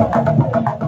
Thank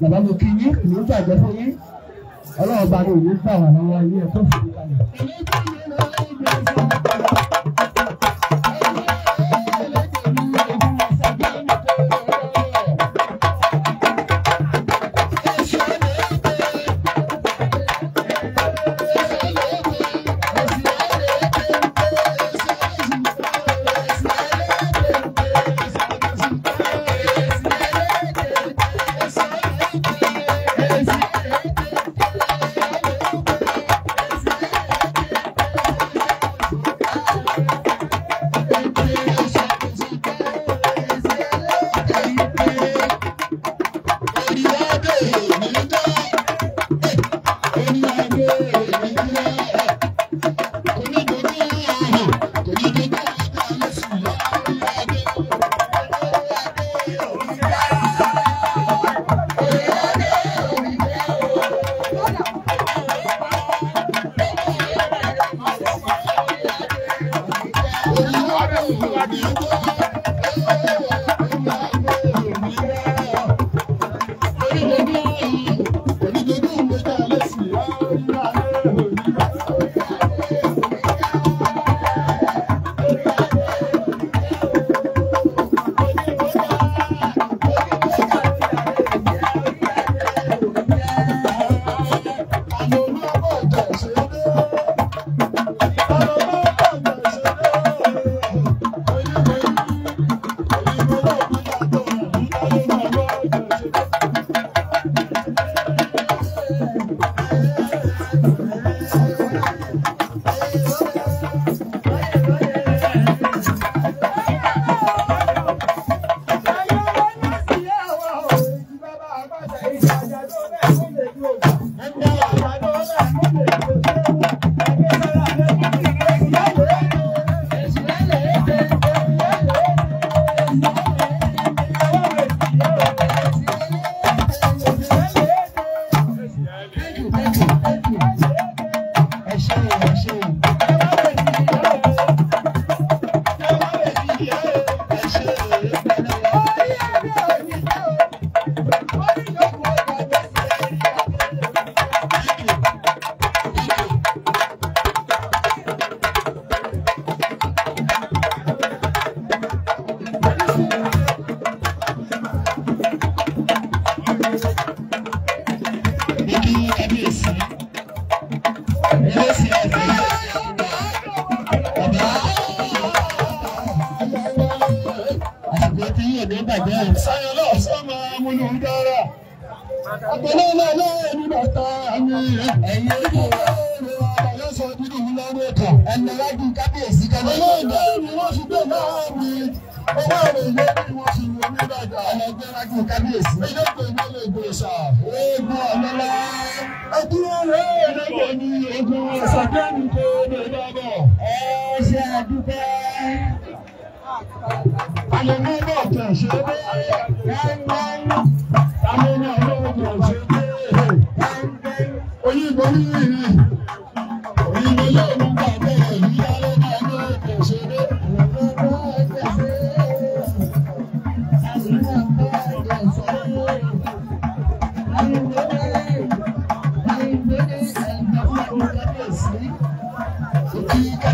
bàbá mi kí yín kì gbàgbọ́ fún yín ọlọ́run bá mi ò gbà wà lọ́wọ́ ilé ẹ̀kọ́ fún mi. Amigo. Báwo ìwé bí wọ́n ṣe wọ ní dàgbà? Ẹgbẹ́ rákì kábíyèsí. Ilé ìpè ní ilé ìgbò ìṣà. Oògùn ọ̀lọ́lá. Ẹdúró rẹ̀ lọ́gbọ̀ ni oògùn ìṣàkẹ́ni kò lè dàgbà. Ẹ ṣe àdúgbò. Àlejò náà kẹ̀ ṣe é dé. Láńláńlá. Àlejò náà kẹ̀ ṣe é dé. Oyinbo ní ìrìn. Oyinbo yóò mú bàá. fica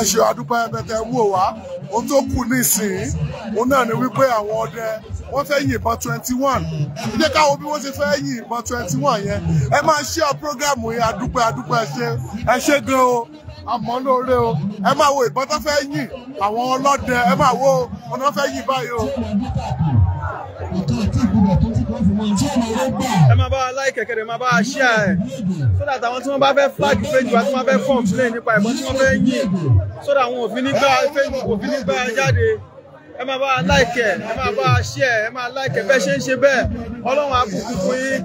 ẹ ṣe àdúpẹ́ pẹtẹ wò wá ohun tó kù nísìnyí òun náà ni wípé àwọn ọdẹ wọ́n fẹ́ yìnbọn twenty one ìdí káwọn bí wọ́n ṣe fẹ́ yìnbọn twenty one yẹn ẹ máa ṣe ọ prógrámù yẹn àdúpẹ́ àdúpẹ́ ẹ ṣe ẹ ṣe gan o àmọ́ lóore o ẹ máa wo ìbọn tó fẹ́ yìn àwọn ọlọ́dẹ ẹ máa wo ọ̀nà fẹ́ yìn báyìí o ẹ máa bá wa láìkẹ̀ kẹ̀dẹ̀ máa bá wa ṣíà ẹ̀ sódà táwọn tí wọ́n bá fẹ́ flag page wa tí wọ́n fẹ́ complain nípa ìbọn tí wọ́n fẹ́ yìn sódà àwọn òfin nígbà Facebook òfin nígbà jáde ẹ máa bá wa láìkẹ̀ ẹ máa bá wa ṣíà ẹ máa láìkẹ̀ bẹ́ẹ̀ ṣe ń ṣe bẹ́ẹ̀ ọlọ́run àbùkù fún yín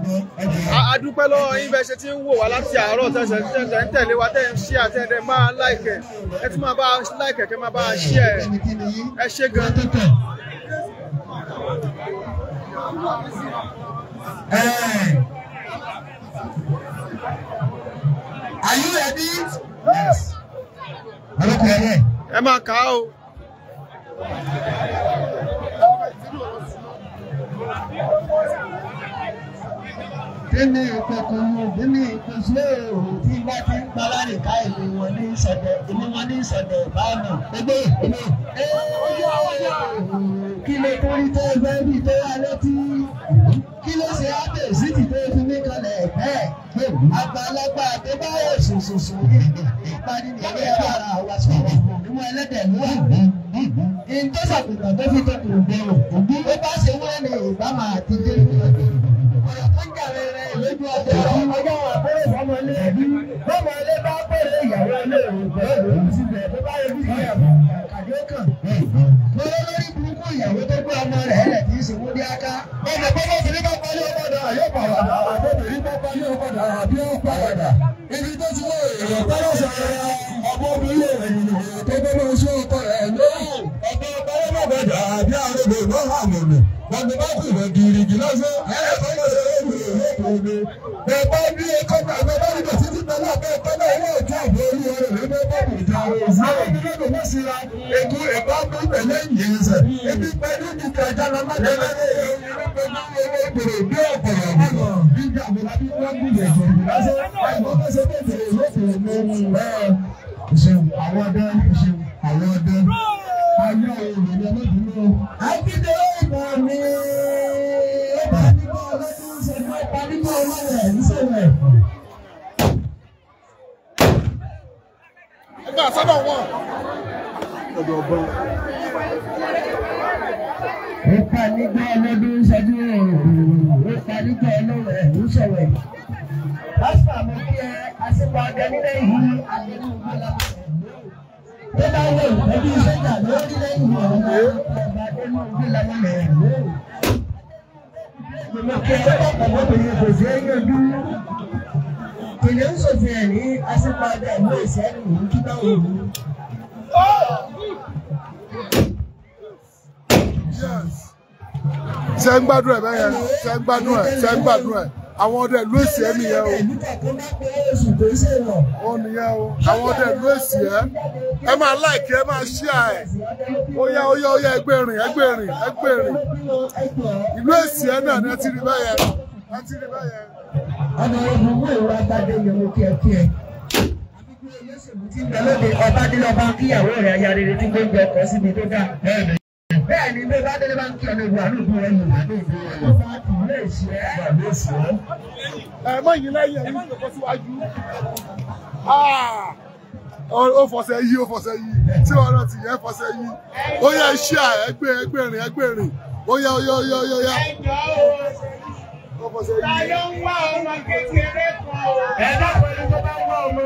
adúpẹ́ lọ́wọ́ yín bẹ́ẹ̀ ṣe ti ń wò wá láti àárọ̀ tẹ̀sẹ̀ tẹ̀sẹ̀ ń tẹ̀lé wa tẹ̀ ń ṣíà tẹ̀lé máa láìkẹ̀ ẹ tún máa bá wa láìkẹ̀ kẹ́ máa bá wa ṣíà ẹ ṣe gan. Thank you. Hey, Are you ready? Yes. Ẹ máa kà á o. Kíni ìkọ̀kùn kíni ìkùnsílẹ̀ òhò tí bá ti ń palá nìka ìlú wọn ní ìsọ̀dẹ̀ ìlú wọn ní ìsọ̀dẹ̀ báàmù. Ẹgbẹ́ ìlú. Ẹ ojú àwọn ọ̀hún kí ló tó rí tó ẹgbẹ́ bíi tó wà létí. Kí ló sì síbi tó fi mí kalẹ̀ ẹ̀fẹ́ àgbàlagbà tó bá yẹ sòsòsò ìpàdé nìyẹn ẹ̀rọ ara wa sọ̀rọ̀ ìmọ̀ ẹlẹ́dẹ̀ ló wà ní. ìtọ́sàkùnkàn tó fi tọkùn bẹ̀rù ní àrògbò ló hà mọ̀nà gbàgbé bá kù lọ gírígì lọ́sọ̀ ẹ̀ fọlọ́sẹ̀ lóògùn lóògùn omi. bẹ́ẹ̀ bá bí ẹ̀kọ́ gbàgbé bá nígbà títí pẹ̀lú àbẹ́ ẹ̀kọ́ náà wọ́n ò tún àbọ̀ orí rẹ̀ lọ́dọ̀ bọ̀ bùjá. àwọn ọmọ kò sí ra ètò ẹ̀kọ́ tó tẹ̀lé yìí ẹsẹ̀ ebi pẹ̀lú ìdíje ẹja lọ mọ́tẹ́ lẹ́yìn àwọn ọdẹ àwọn ọdẹ. Jídé ìgbà mi. Ó bá nígbà ọlọ́dún ń ṣe fún ọba nígbà ọlọ́rẹ̀ ń ṣe rẹ̀. Ẹgbẹ́ àsọ́dọ̀ wọn. Ọ̀dọ̀ ọ̀bọ̀n. Ó pa nígbà ọlọ́dún ń ṣẹ́jú òòrùn. Ó pa nígbà ọlọ́rẹ̀ ń ṣẹ̀wẹ̀. Pásítọ̀ mo kí ẹ aṣípa ọdẹ nílẹ̀ yìí. Tó bá wọ̀ ẹbí sọ́jà lórílẹ̀ ìwọ̀n ọ̀gá ọba inú bí làwọn lè wò ó. Ìmọ̀kẹ́yẹ ọ̀pọ̀ obìnrin kò sí ẹyẹ dú. Ìyẹn ń sòfin ẹ̀ ní asípadà ìlú ìsẹ́nu òun kí táwọn ń gbádùn ẹ̀ bẹ́yẹn? ń gbádùn ẹ̀? Àwọn ọdẹ ìlú ìsẹ́nu yẹn o kò í ṣe lọ. ó nìyẹn o àwọn ọdẹ ìlú èsì ẹ ẹ máa láìkí ẹ máa ṣíà ẹ ó yá ó yá ó yá ẹgbẹ́ rìn ẹgbẹ́ rìn ẹgbẹ́ rìn ìlú èsì ẹ náà ni ẹ ti rí bẹ́yẹn ẹ ti rí bẹ́yẹn. ọ̀nà ìlú mú ìrora gbàdé yẹn mo kí ẹ kí ẹ. àbíkú olóṣèlú ti ń bẹ lóde ọba kíyàwó rẹ̀ ayá tí gbé ń síbi tó dáa bẹ́ẹ̀ ni bí bàdélé bá ń kí ọ̀nà ìwà ní ìlú ẹ̀yìn ìwà ní ìlú ẹ̀yìn fáàkì ilé ìṣẹ́ wà ní èsì ẹ̀. ẹ mọ ìyìn lẹ́yìn ẹ̀yìn tó kọ síwájú ah! ó fọṣẹ yí ó fọṣẹ yí tí wọn náà ti yẹ fọṣẹ yí ó yẹ iṣẹ ẹgbẹ ẹgbẹ rìn ẹgbẹ rìn ó yẹ ó yẹ ó yẹ ó yẹ. Táyọ̀ ń wá ọmọ kékeré kan. Ẹ̀dá pẹ̀lú tó bá ń wá ọmọ.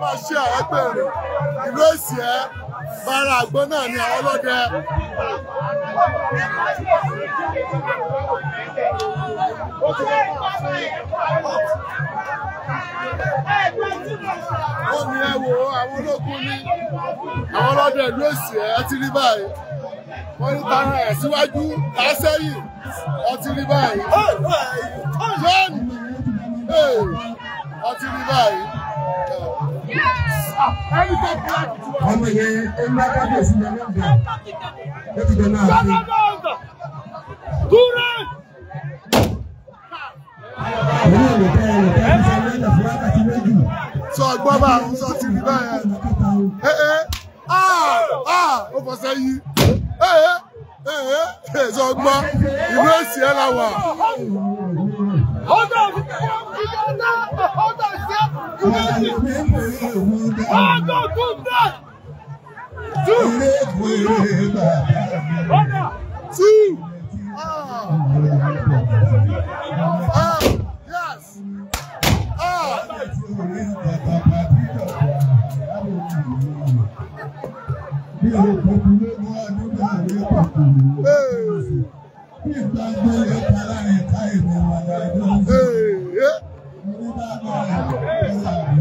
máa ṣe ẹgbẹ̀rún ìlú èsì ẹ bára àgbọn náà ni àwọn ọlọ́dẹ. ó ní ẹ wo àwọn ológun ní àwọn ọlọ́dẹ ìlú èsì ẹ ti rí báyìí wọ́n ní tara ẹ̀ síwájú lásẹ̀yìn ọtí rí báyìí. John ọtí rí báyìí. Come here, Let ọmọ yẹn ẹnlá kábíyèsí ni ẹnlá gbà ó ti dẹ̀ náà fi. Owó olùkọ́ olùkọ́ ẹni sọ ní ẹ̀dá fún wákàtí méjì. Sọ ọgbọ́n bá ń sọ ti rí báyẹn. Ẹ ẹ áà áà ó fọṣẹ yí. Ẹ ẹ ẹ ẹ sọ ọgbọ́n ìlú èsì ẹ̀ la wà. Ọjọ́ òfin kẹ́kọ̀ọ́. Ọgọ́ tún bẹ̀. Tú. Ọ̀dà. Tú. Ah. Yes. Ah. Hey ìgbàgbọ́ ẹ̀ka láàrin ká ìgbìmọ̀ àjọ ìjọba.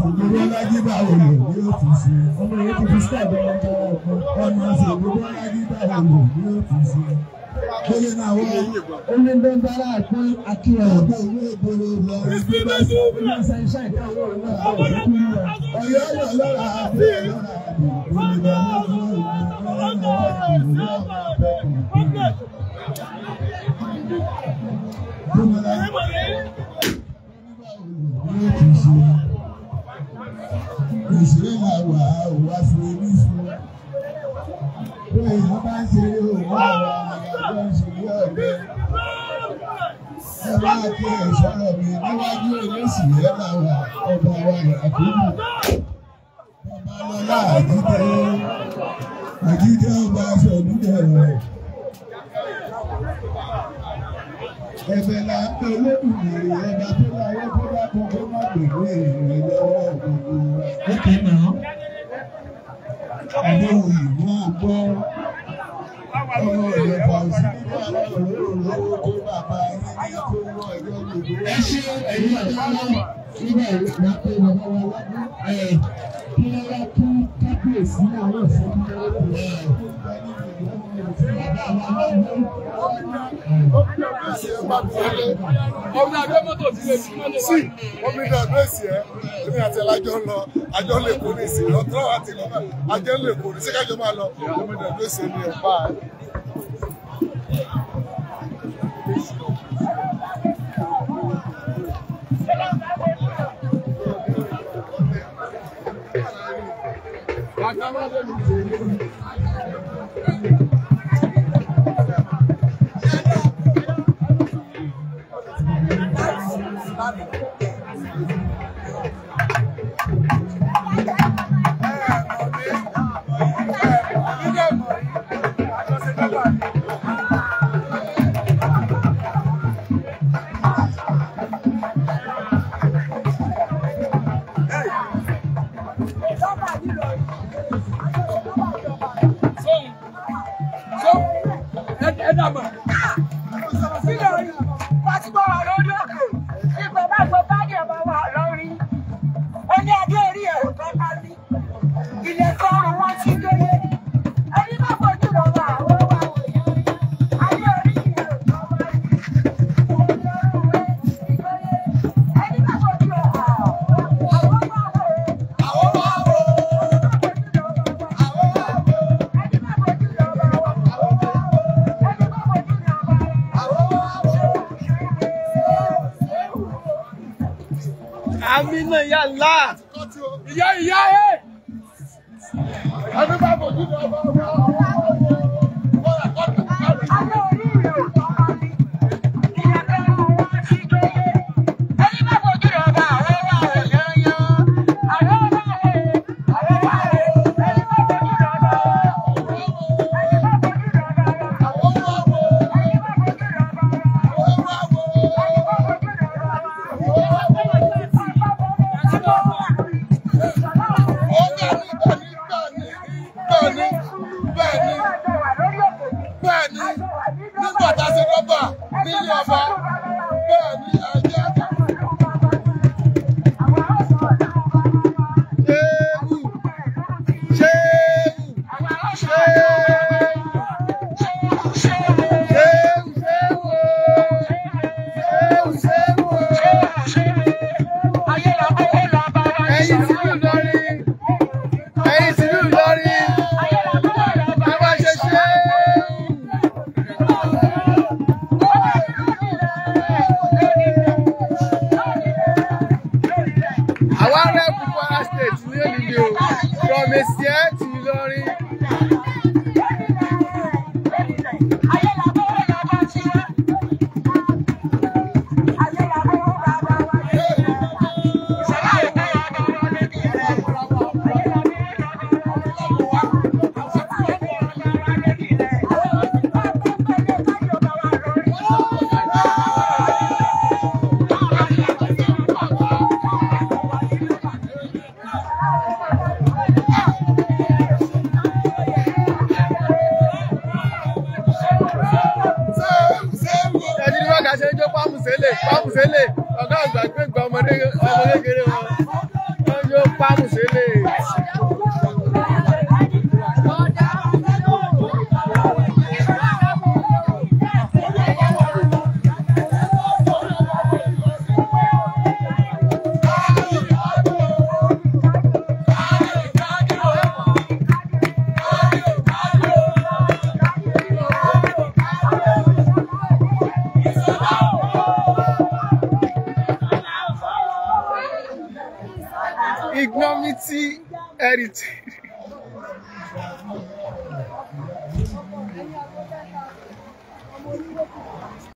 Ògbólólágídá òlò ní òtúnṣe. Ọmọ yẹn ti fi sọ́ọ̀dọ̀ ọmọ ọ̀gbọ́n. Ọ̀nà àti ògbólólágídá òlò ní òtúnṣe. Kéré náà wọ́n. Omi ń bẹ́ bára àpé akíyà. Ọ̀gbọ́n ìlú ìgboro lọ. Ìgbésẹ̀ ìṣúná. Ìṣẹ̀ ìṣẹ̀ ìkáwọ́ náà. Ọ̀gbọ́n náà. Ọ̀yọ́ ọ̀nà lọ́la àbí ẹ̀rọ. Ọ̀gbọ́n náà. Ọ̀gbọ́n náà. Ọ̀gbọ́n náà òṣèré là wà ó wá sí orí fún un pé èyí bá ń ṣeré òun àwọn àgbàdo ìṣeré ọ̀gbẹ́ ẹ máa kí ẹ sọ̀rọ̀ mi níwájú olóṣèré là wà ọba wa Yakubu ọba lọ́lá àjídé àjídé ọba sọ̀dúnjẹ̀rẹ̀ ẹ̀bẹ̀ là ń pè olódùmarè ọba tó láyé tó bá kọ́kọ́ má gbèrú èrè lọ́wọ́ gbogbo. Okay now. I know gbọ́ ọmọ rẹ̀ bá sí olówó kó bàbá yín know. wọ ẹgbẹ́ òyìnbó. Ẹ ṣe ẹ̀yin àtàwọn nígbà I know pé bàbá wa wá bí ẹ̀ kí wọ́n wá kí kábíyèsí náà wọ̀ sí. ọmọ àgbẹ̀ mọ́tò ti lè fi mọ́lẹ̀ wá. sí obìnrin àdírẹ́sì ẹ èmi àti ẹlájọ ń lọ àjọ lè kó ní ìsìn lọ́tọ́ àti lọ́tọ́ àjọ lè kó Thank you. amínà ìyá ńlá ìyá ìyá ẹ. adúgbò àbòjú ni ọba ọba bẹ́ẹ̀ ni nígbà tá a ṣe rọ́bà nílé ọba bẹ́ẹ̀ ni ẹ̀jẹ̀ missed yet? Vamos,